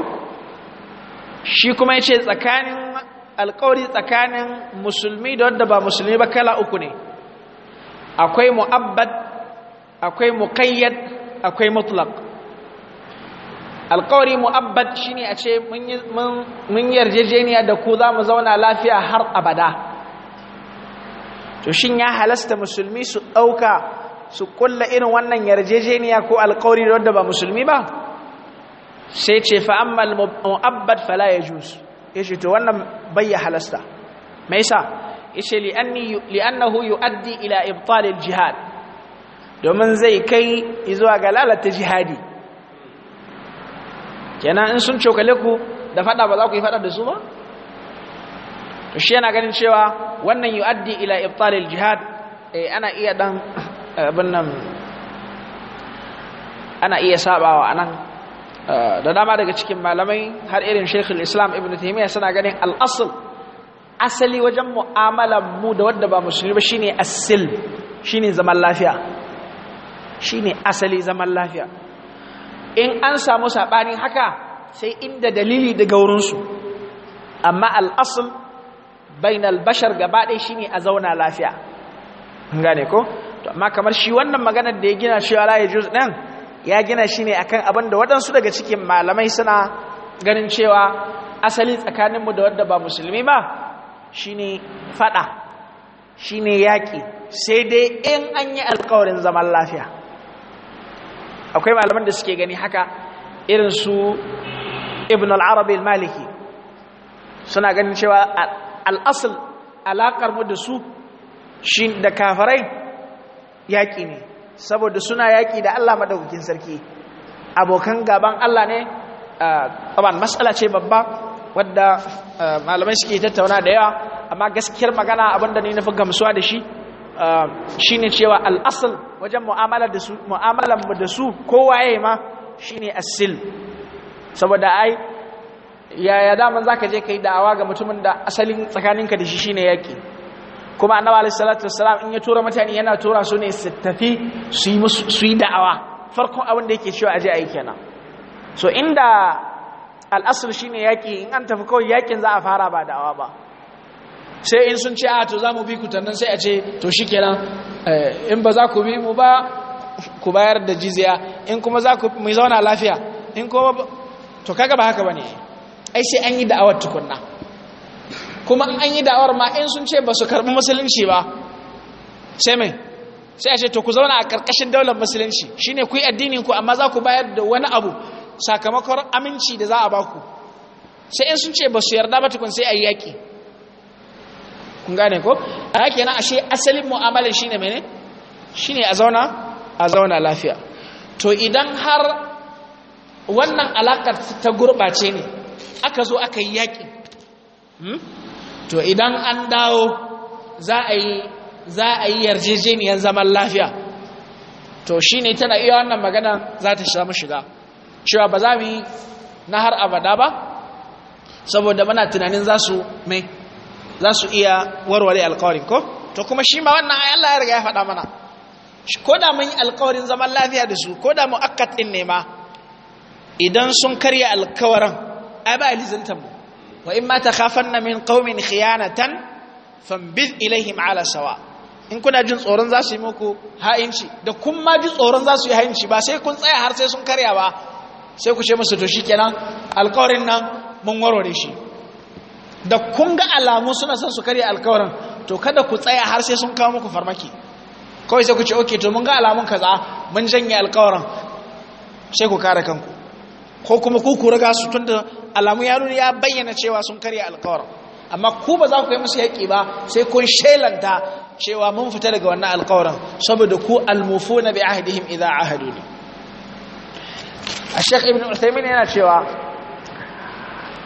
shi kuma ya ce tsakanin alkawari tsakanin musulmi da wanda ba musulmi ba kala uku ne akwai mu'abbad akwai muqayyad akwai mutlaq alkawari mu'abbad shine a ce mun yarjejeniya da ku za mu zauna lafiya har abada to shin ya halasta musulmi su ɗauka su kulla irin wannan yarjejeniya ko alkawari da ba musulmi ba sai ce fa'ammal mu'abbad fala ya jusu ya ce to wannan bayya halasta mai sa ya ce li'annahu yu'addi ila ibtalil jihad domin zai kai zuwa ga lalata jihadi kenan in sun cokale ku da fada ba za ku yi fada da su ba to shi yana ganin cewa wannan yu'addi ila ibtalil jihad eh, ana iya dan eh, abin nan ana iya sabawa anan Eh, da dama daga cikin malamai har irin shekul islam ibn taimiyya suna ganin al'asul asali wajen mu'amalar mu da wadda ba musulmi ba shine asil shine zaman lafiya shine asali zaman lafiya in an samu saɓanin haka sai inda dalili daga wurinsu amma al'asul bainal bashar gaba ɗaya shine a zauna lafiya gane ko amma kamar shi wannan maganar da ya gina cewa ala ya juz ɗin ya gina shi ne akan abin da waɗansu daga cikin malamai suna ganin cewa asali tsakaninmu da wadda ba musulmi ba shi ne faɗa shi ne yaƙi sai dai in an yi alkawarin zaman lafiya akwai malaman da suke gani haka irin su ibn al'arabi maliki suna ganin cewa alaƙar alaƙarmu da su shi da kafarai yaƙi ne saboda suna yaƙi da Allah madaukakin sarki abokan gaban Allah ne taban eh, matsala ce babba wadda eh, malamai suke tattauna da yawa amma gaskiyar magana abinda ni nafi gamsuwa da shi eh, shine cewa al'asal wajen mu'amalar da su mu'amalar da su kowa yayi ma shine asil saboda ai yaya daman za ka je ka yi da'awa ga mutumin da asalin tsakaninka da shi shi ne yaƙi kuma annabi alaihi salatu in ya tura mutane yana tura su ne su tafi su yi musu su yi da'awa farkon abin da yake cewa aje aiki na. so inda al'asr shine yaki in an tafi kawai yakin za a fara ba da'awa ba sai in sun ce a ah, to za mu bi ku tannan sai a ce to shikenan eh, in ba za ku bi mu ba ku bayar da jizya in kuma za ku mu zauna lafiya in kuma to kaga ba haka bane ai sai an yi da'awar tukunna kuma an yi da'awar ma in sun ce ba su karɓi musulunci ba sai mai sai a ce to ku zauna a ƙarƙashin daular musulunci shine ku yi addinin ku amma za ku bayar da wani abu sakamakon aminci da za a ba ku sai in sun ce ba su yarda ba tukun sai a yi yaƙi kun gane ko a yaƙi na ashe asalin mu'amalar shine shi shine a zauna a zauna lafiya to idan har wannan alaƙar ta gurɓace ne aka zo aka yi yaƙi hmm? to idan an dawo za a yi yarjejeniyar zaman lafiya to shi ne tana iya wannan magana za ta samu shiga cewa ba za mu yi na har abada ba saboda muna tunanin za su mai za su iya warware alkawarin ko to kuma shi ma wannan aya, Allah ya riga ya faɗa mana ko da mun yi alkawarin zaman lafiya da su ko da mu akka ɗin ne ma idan sun karya alkawarin ai ba a mu wa in ma takhafanna min qaumin khiyanatan fambiz ilaihim ala in kuna jin tsoron za su yi muku ha'inci da kun ma ji tsoron za su yi ha'inci ba sai kun tsaya har sai sun karya ba sai ku ce musu to shikenan alƙawarin nan mun warware shi da kun ga alamu suna son su karya alƙawarin to kada ku tsaya har sai sun kawo muku farmaki kawai sai ku ce okay to mun ga alamun kaza mun janye alƙawarin sai ku kare kanku ko kuma ku ku riga su tunda alamu ya nuna ya bayyana cewa sun karya alkawar amma ku ba za ku yi musu yaƙi ba sai kun shelanta cewa mun fita daga wannan alkawarin saboda ku almufu na bi ahadihim idza ahadu ne a shek ibn uthaymin yana cewa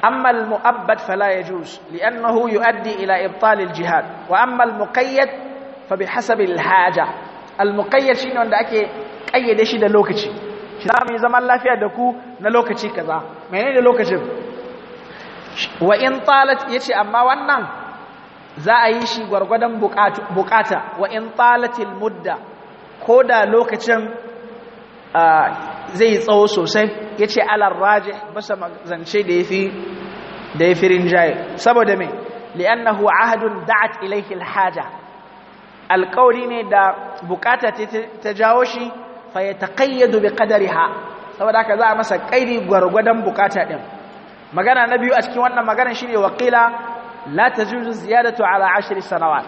amma almu'abbad fala yajuz li'annahu yu'addi ila ibtalil jihad, wa amma almuqayyad fa bi hasabi alhaja almuqayyad shine wanda ake kayyade shi da lokaci za mu yi zaman lafiya da ku na lokaci kaza menene lokacin wa in talat yace amma wannan za a yi shi gwargwadon bukata wa in talatil mudda ko da lokacin zai yi tsawo sosai yace alar rajih basa zance da yafi da yafi rinjaye saboda me li'annahu ahdun da'at ilayhi alhaja alqawli ne da bukata ta jawo shi fa yataqayyadu ha saboda haka za a masa kairi gwargwadon bukata din magana na biyu a cikin wannan magana shine wakila la tajuzu ziyadatu ala ashri sanawat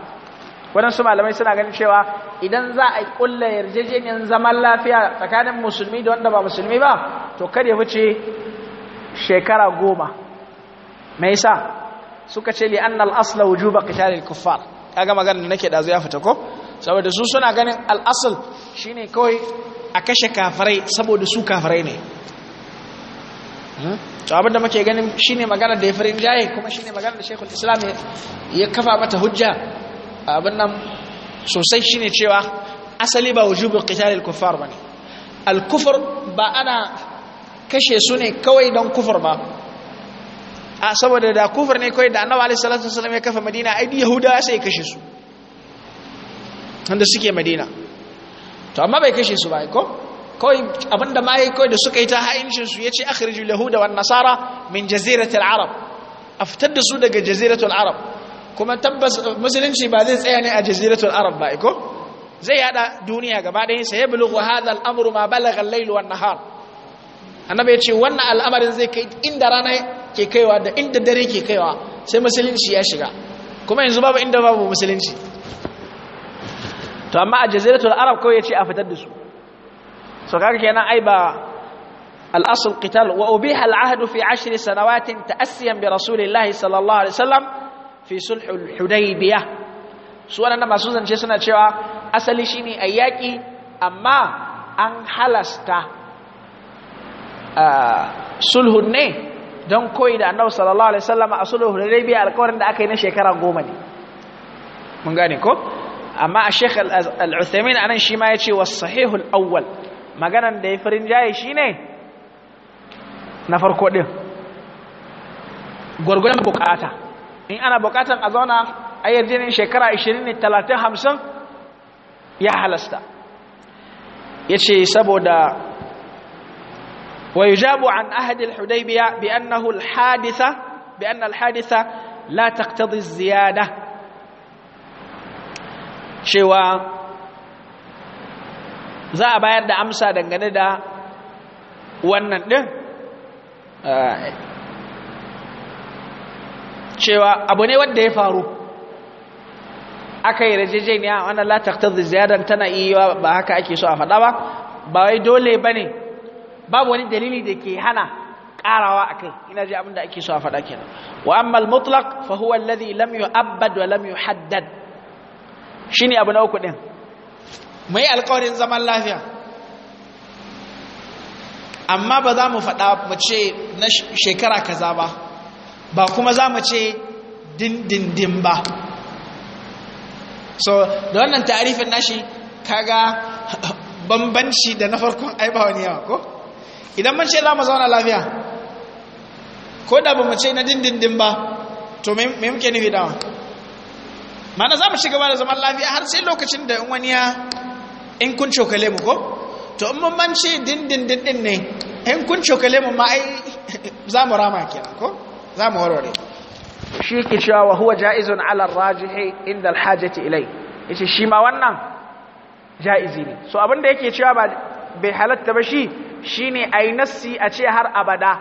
Waɗansu malamai suna ganin cewa idan za a ƙulla yarjejeniyar zaman lafiya tsakanin musulmi da wanda ba musulmi ba to kar ya wuce shekara goma me sa suka ce li anna asla wujuba qitalil kuffar kaga magana da nake ɗazu ya fita ko saboda su suna ganin al-asl Shi ne kawai a kashe kafirai saboda su kafirai ne hmm? to abinda muke ganin shi ne magana da ya firin jaye kuma shi ne magana da shekul islam ya kafa mata hujja abin nan sosai ne cewa asali ba wujubin qitalil kuffar ba ne. alkufar ba ana kashe su ne kawai don kufar ba a saboda da kufar ne kawai da annawa alisalatu salatu ya kafa madina ai yahudawa sai kashe su wanda suke madina to amma bai kashe su ba ko kawai abinda ma ya kawai da suka yi ta ha'incin su ya ce akhriju yahuda wa nasara min jaziratul arab a fitar da su daga jaziratul arab kuma tabbas musulunci ba zai tsaya ne a jaziratul arab ba ko zai yada duniya gaba ɗaya sai ya bulughu hadha al-amru ma balagha al-layl wan nahar annabi ya ce wannan al'amarin zai kai inda rana ke kaiwa da inda dare ke kaiwa sai musulunci ya shiga kuma yanzu babu inda babu musulunci to amma a jaziratul arab kawai yace a fitar da su so kaga kenan ai ba al-asl qital wa ubiha al-ahd fi 10 sanawat ta'assiyan bi rasulillahi sallallahu alaihi wasallam fi sulh al-hudaybiyah su wannan masu zance suna cewa asali shine ayyaki amma an halasta sulhun ne don koyi da annabu sallallahu alaihi wasallam a sulhul hudaybiyah alƙawarin da aka yi na shekara goma ne mun gane ko amma a sheikh al anan shi ma yace ce sahihul awwal maganan da ya farin jaye shine na farko din gurgurdan bukata in ana bukatan a zauna ayyajinin shekara 20 30 ya halasta yace saboda ويجاب عن أهد الحديبية بأنه الحادثة بأن الحادثة la تقتضي ziyada. cewa za a bayar da amsa dangane da wannan ɗin eh, cewa abu ne wanda ya faru aka yi rajejeniya wannan lataktar ziyarar tana iya ba haka ake so a faɗa ba ba wai dole ba ne babu wani dalili da ke hana ƙarawa a kai ina ji abinda ake so a faɗa kenan wa amma fa huwa alladhi lam yu'abbad wa lam haddad shine abu na uku din mu yi alƙawarin zaman lafiya amma ba za mu faɗa mu ce na shekara kaza ba ba kuma za mu ce dindindin ba so da wannan tarifin nashi kaga bambanci da na farkon aibawa ne yawa ko idan mun ce za mu zauna lafiya ko da ba mu ce na dindindin ba to me muke nufi dawa mana za mu ci gaba da zaman lafiya har sai lokacin da in wani ya in kun cokale mu ko to in mun mance dindin dindin ne in kun cokale mu ma ai za mu rama kenan ko za mu warware shi ke cewa wa huwa ja'izun ala rajihi inda alhajati ilai yace shi ma wannan ja'izi ne so abin da yake cewa ba bai halatta ba shi shine ai nassi a ce har abada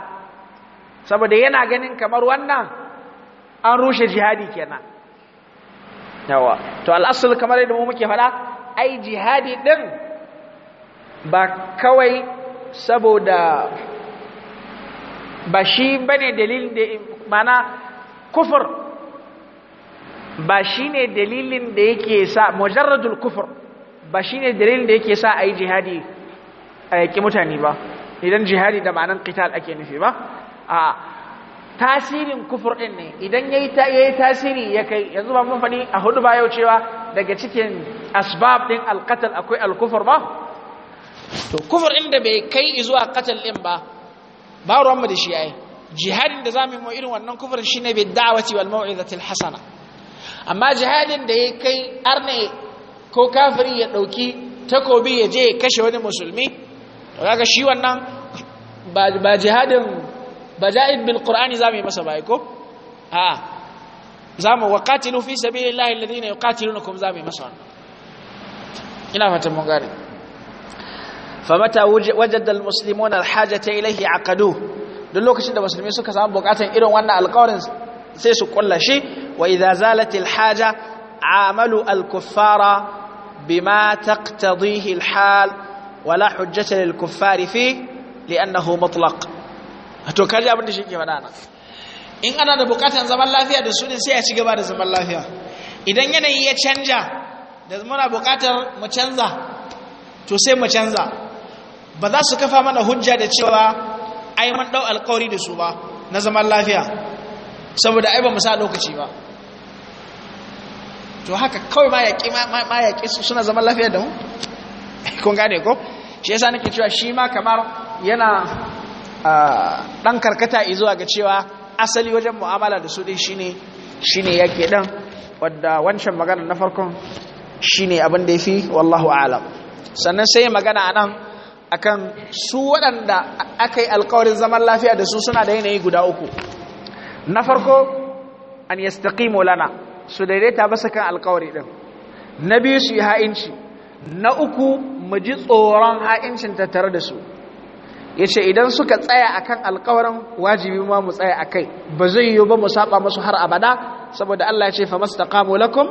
saboda yana ganin kamar wannan an rushe jihadi kenan yawa to al'asul kamar yadda mu muke faɗa ai jihadi din ba kawai saboda ba shi bane dalilin da mana kufur ba shine dalilin da yake sa mujarradul kufur ba shine dalilin da yake sa ai jihadi a yake mutane ba idan jihadi da ma'anan qital ake nufi ba a tasirin kufur ɗin ne idan ya yi tasiri ya kai yanzu ba mun faɗi a hudu ba yau cewa daga cikin asbab ɗin alƙatal akwai alkufur ba to kufur ɗin da bai kai zuwa ƙatal ɗin ba ba mu da shi ya yi jihadin da za mu yi irin wannan kufur shi ne bai da'awaci wal mau'izatil hasana amma jihadin da ya kai arne ko kafiri ya ɗauki takobi ya je ya kashe wani musulmi to kaga shi wannan ba jihadin بجائب بالقرآن زامي ما سبايكو ها آه. زام وقاتلوا في سبيل الله الذين يقاتلونكم زامي ما سبايكو إلا فتم فمتى وجد المسلمون الحاجة إليه عقدوه دلوك شد المسلمين سكا سام بوقات إلو وانا القارن سيسو كل شيء وإذا زالت الحاجة عاملوا الكفار بما تقتضيه الحال ولا حجة للكفار فيه لأنه مطلق to kaji abin da shi ke faɗa nan in ana da buƙatar zaman lafiya da su ne sai a ci gaba da zaman lafiya idan yanayi ya canja da muna buƙatar mu canza to sai mu canza ba za su kafa mana hujja da cewa ai mun ɗau alƙawari da su ba na zaman lafiya saboda ai ba mu sa lokaci ba to haka kawai ma yaƙi ma yaƙi suna zaman lafiya da mu kun gane ko shi yasa nake cewa shi ma kamar yana dan karkata zuwa ga cewa asali wajen mu'amala da su din shine shine yake dan wadda wancan magana na farkon shine abin da yafi wallahu a'lam sannan sai magana anan akan su waɗanda aka yi alkawarin zaman lafiya da su suna da yanayi guda uku na farko an yastaqimu lana su daidaita ba kan alkawari din na biyu su yi ha'inci na uku mu ji tsoron ha'incin tattare da su ya ce idan suka tsaya akan alkawarin wajibi ma mu tsaya a kai ba zai yi ba mu saba musu har abada saboda Allah ya ce fa mastaqamu lakum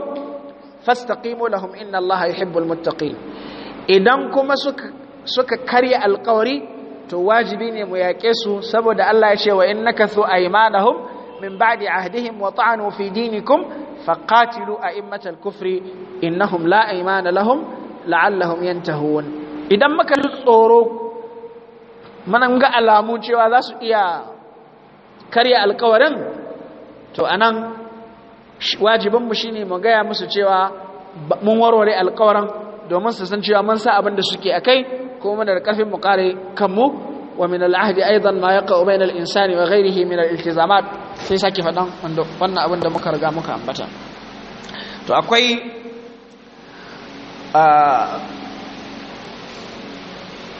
fastaqimu lahum inna Allah yuhibbul muttaqin idan kuma suka suka karya alkawari to wajibi ne mu yake su saboda Allah ya ce wa innaka su aymanahum min ba'di ahdihim wa ta'anu fi dinikum faqatilu a'immatal kufri innahum la aymana lahum la'allahum yantahun idan muka tsoro Mana ga alamu cewa za su iya karya alkawarin to anan wajibinmu shine mu gaya musu cewa mun warware alkawarin domin su san cewa mun sa abin da suke akai kuma da karfin mu kare kanmu wa min al'ahdi aidan ma yaqa'u bayna al-insani wa ghayrihi min al-iltizamat sai sake fadan wannan abin da muka riga muka ambata to akwai ah,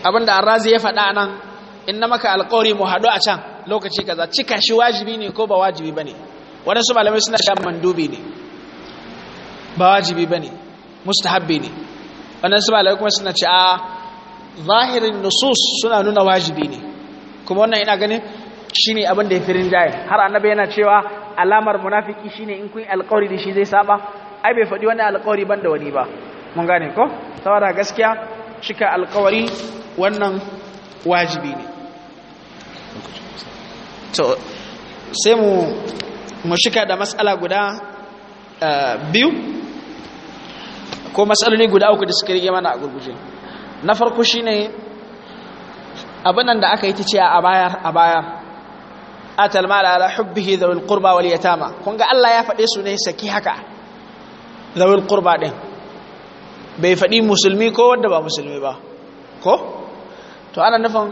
abin da arrazi ya faɗa nan in na maka alƙawari mu haɗu a can lokaci kaza cika shi wajibi ne ko ba wajibi ba ne waɗansu malamai suna shan mandubi ne ba wajibi ba ne mustahabbi ne waɗansu malamai kuma suna ce a zahirin nusus suna nuna wajibi ne kuma wannan ina ganin shi ne abin da ya firin jaye har annabi yana cewa alamar munafiki shi ne in kun alƙawari da shi zai saba ai bai faɗi wani alƙawari ban da wani ba mun gane ko saboda gaskiya cika alƙawari wannan wajibi ne to sai mu mu shika da matsala guda eh, biyu ko matsaloli guda uku da suka rige mana a gurguje na farko shine abinan da aka yi ta ce a bayar a bayar atal mala ala hubbihi dhawil qurba wal yatama kun ga Allah ya faɗe su ne saki haka dhawil qurba din bai faɗi musulmi ko wanda ba musulmi ba ko to ana nufin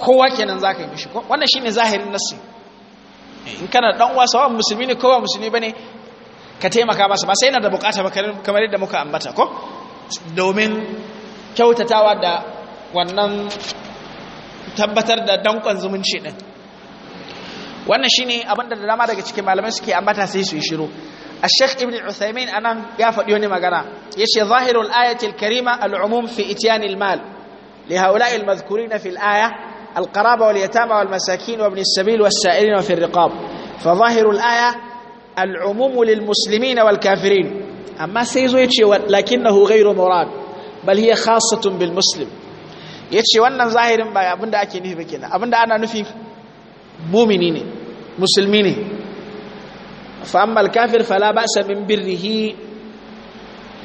kowa kenan za ka yi mishi wannan shi ne zahirin nassi in kana dan uwa sawan musulmi ne kowa musulmi bane ka taimaka masa ba sai yana da bukata ba kamar yadda muka ambata ko domin kyautatawa da wannan tabbatar da dankon zumunci din wannan shine abinda da dama daga cikin malamai suke ambata sai su yi shiru الشيخ ابن عثيمين أنا يافد يوني مغانا يشي ظاهر الآية الكريمة العموم في إتيان المال لهؤلاء المذكورين في الآية القرابة واليتامى والمساكين وابن السبيل والسائلين وفي الرقاب فظاهر الآية العموم للمسلمين والكافرين أما سيزو يتشي لكنه غير مراد بل هي خاصة بالمسلم يتشي وانا ظاهر أبن دا أكي نفي بكنا أبن دا أنا نفي مؤمنين مسلمين فأما الكافر فلا بأس من بره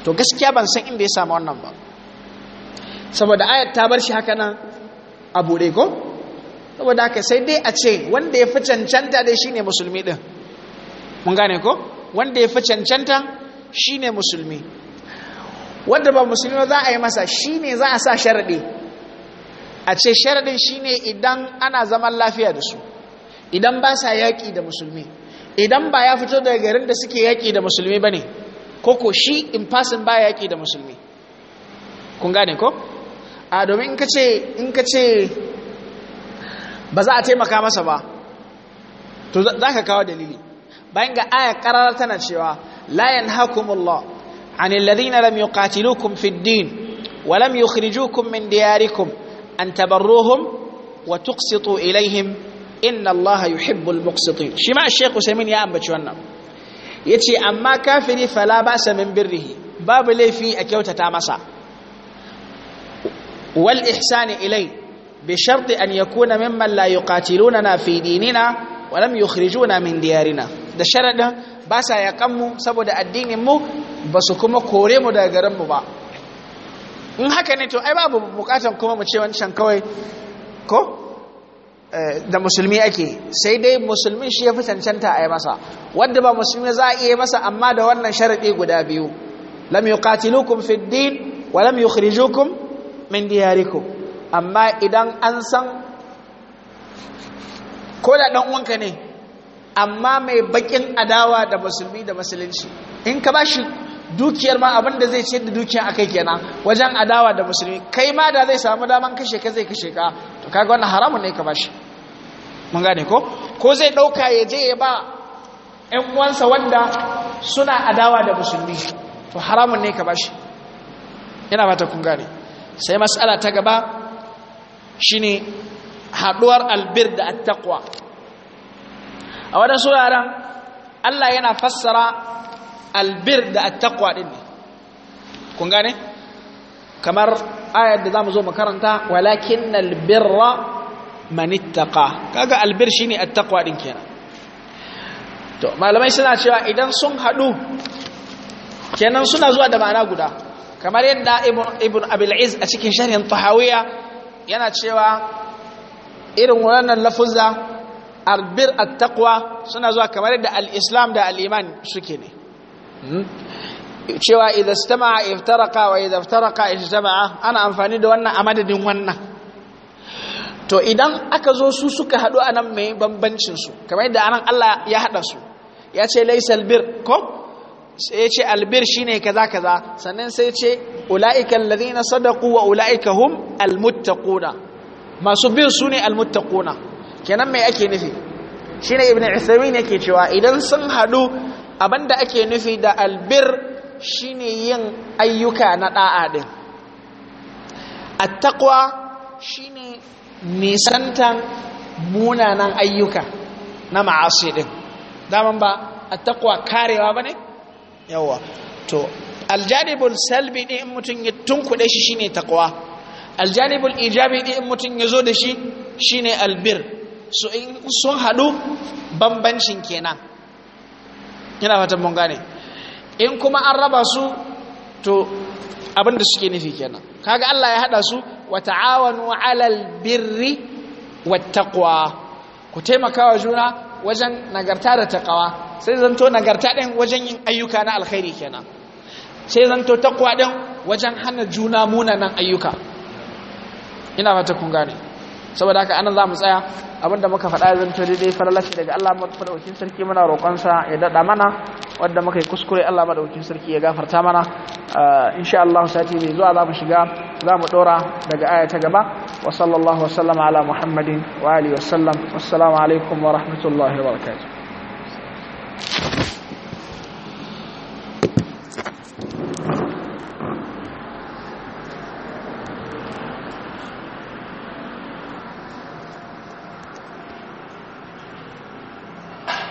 to gaskiya ban san inda ya samu wannan ba saboda ayat ta bar shi haka nan a buɗe ko saboda haka sai dai a ce wanda ya fi cancanta dai shine musulmi din, mun gane ko wanda ya fi cancanta shine musulmi wanda ba musulmi za a yi masa shine za a sa sharaɗi a ce sharaɗin shine idan ana zaman lafiya da su idan ba sa yaƙi da musulmi idan ba ya fito daga garin da suke yaƙi da musulmi ba ne ko ko shi in fasin ba yaƙi da musulmi kun gane ko a domin in ka ce in ka ce ba za a taimaka masa ba to za ka kawo dalili bayan ga aya karar tana cewa la yanhakumullah anil ladina lam yuqatilukum fid din walam lam yukhrijukum min diyarikum an tabarruhum wa tuqsitu ilaihim inna allaha yuhibbul muqsitin shi ma shaykh usaimin ya ambaci wannan yace amma kafiri fala ba sa min birrihi babu laifi a kyautata masa wal ihsani ilai bi sharti an yakuna mimman la na fi dinina wa lam yukhrijuna min diyarina da sharadin ba sa yakan mu saboda addinin mu ba su kuma kore mu daga garin mu ba in haka ne to ai babu bukatan kuma mu ce wancan kawai ko da musulmi ake sai dai musulmin shi ya fi cancanta a yi masa wadda ba musulmi za a iya masa amma da wannan sharaɗi guda biyu lam yuqatilukum fid din wa lam yukhrijukum min diyariku amma idan an san ko da dan uwanka ne amma mai bakin adawa da musulmi da musulunci in ka bashi dukiyar ma abin da zai ce da dukiyar akai kenan wajen adawa da musulmi kai ma da zai samu daman kashe ka zai kashe ka to kaga wannan haramun ne ka bashi mun gane ko ko zai dauka ya je ya ba ƴan uwansa wanda suna adawa da musulmi to haramun ne ka bashi ina ta kun gane sai mas'ala ta gaba shi ne haɗuwar albir da attaƙwa. a wadan suraren Allah yana fassara albir da attaƙwa ɗin ne kun gane kamar ayar da mu zo makaranta walakin walakinnal birra man ittaqa kaga albir shi ne attaƙwa ɗin kenan to malamai suna cewa idan sun haɗu, kenan suna zuwa da ma'ana guda kamar yadda ibn abil'iz a cikin sharhin tahawiya yana cewa irin wannan lafuzza albir attaqwa suna zuwa kamar yadda al'islam da al'iman suke ne hmm? cewa idza istama'a iftaraqa wa idza iftaraqa ijtama'a ana amfani da wannan a madadin wannan to idan aka zo su suka hadu anan mai bambancin su kamar yadda anan Allah ya hada su ya ce laysal bir ko sai ya ce albir shine kaza kaza sannan sai ce lalzi na sadaku wa ula'ika hum almuttakuna masu bin su ne almuttakuna kenan mai ake nufi Ibn ibnu ne yake cewa idan sun hadu abinda ake nufi da albir shine yin ayyuka na da'a din shi shine nisantan munanan ayyuka na ma'asi din daman ba takwa karewa ba ne? yawa to aljanibul salbi ne in mutum ya tunkuɗe shi shine taqwa aljanibul ijabi ɗin in mutum ya zo da shi shine albir so in sun haɗu bambancin kenan ina fatan mun gane in kuma an raba su to abin da suke nufi kenan kaga Allah ya haɗa su wa ta'awanu alal birri wattaqwa ku taimaka wa juna wajen nagarta da taqawa sai zanto nagarta din wajen yin ayyuka na alkhairi kenan sai zanto taqwa din wajen hana juna munanan ayyuka ina mata kun gane saboda haka anan za mu tsaya abinda muka faɗa zan to daidai falalashi daga Allah madaukakin sarki muna sa ya daɗa mana wanda muka yi kuskure Allah madaukakin sarki ya gafarta mana uh, insha Allah sati mai zuwa za mu shiga za mu ɗora daga aya ta gaba wa sallallahu wa sallama ala muhammadin wa alihi wa sallam wassalamu alaikum wa rahmatullahi wa barakatuh